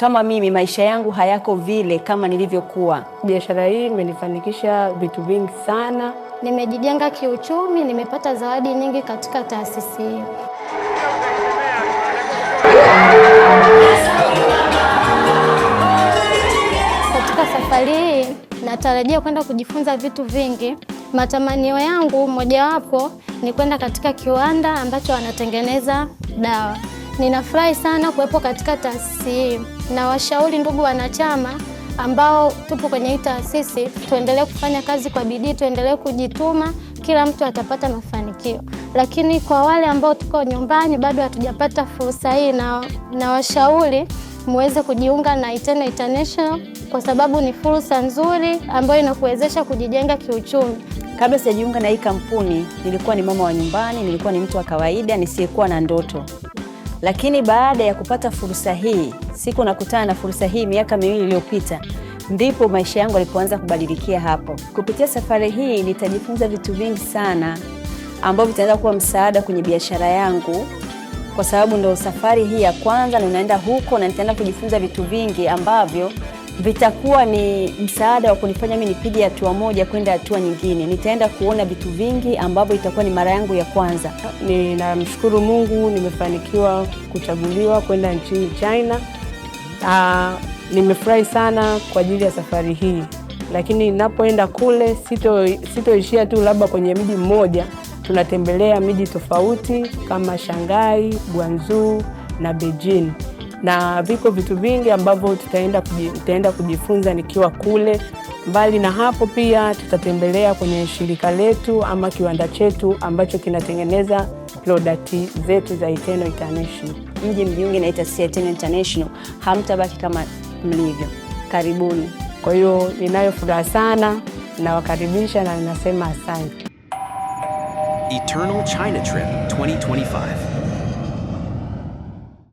kama mimi maisha yangu hayako vile kama nilivyokuwa. Biashara hii imenifanikisha vitu vingi sana, nimejijenga kiuchumi, nimepata zawadi nyingi katika taasisi hiyo. Katika safari hii natarajia kwenda kujifunza vitu vingi. Matamanio yangu mojawapo ni kwenda katika kiwanda ambacho wanatengeneza dawa. Ninafurahi sana kuwepo katika taasisi hii na washauri ndugu wanachama ambao tupo kwenye hii taasisi, tuendelee kufanya kazi kwa bidii, tuendelee kujituma, kila mtu atapata mafanikio. Lakini kwa wale ambao tuko nyumbani bado hatujapata fursa hii, na, na washauri muweze kujiunga na Itena International kwa sababu ni fursa nzuri ambayo inakuwezesha kujijenga kiuchumi. Kabla sijajiunga na hii kampuni, nilikuwa ni mama wa nyumbani, nilikuwa ni mtu wa kawaida nisiyekuwa na ndoto. Lakini baada ya kupata fursa hii, siku nakutana na fursa hii miaka miwili iliyopita, ndipo maisha yangu yalipoanza kubadilikia. Hapo kupitia safari hii nitajifunza vitu vingi sana ambavyo vitaweza kuwa msaada kwenye biashara yangu, kwa sababu ndo safari hii ya kwanza na unaenda huko, na nitaenda kujifunza vitu vingi ambavyo vitakuwa ni msaada wa kunifanya mimi nipige hatua moja kwenda hatua nyingine. Nitaenda kuona vitu vingi ambavyo itakuwa ni mara yangu ya kwanza. Ninamshukuru Mungu nimefanikiwa kuchaguliwa kwenda nchini China. Aa, ah, nimefurahi sana kwa ajili ya safari hii, lakini ninapoenda kule sitoishia sito tu labda kwenye mji mmoja, tunatembelea miji tofauti kama Shanghai, Guangzhou na Beijing na viko vitu vingi ambavyo tutaenda kujitaenda kujifunza nikiwa kule. Mbali na hapo, pia tutatembelea kwenye shirika letu ama kiwanda chetu ambacho kinatengeneza prodakti zetu za Iteno International. Mji mjiunge naita Iteno International, hamtabaki kama mlivyo. Karibuni. Kwa hiyo ninayo furaha sana, nawakaribisha na ninasema asante. Eternal China Trip 2025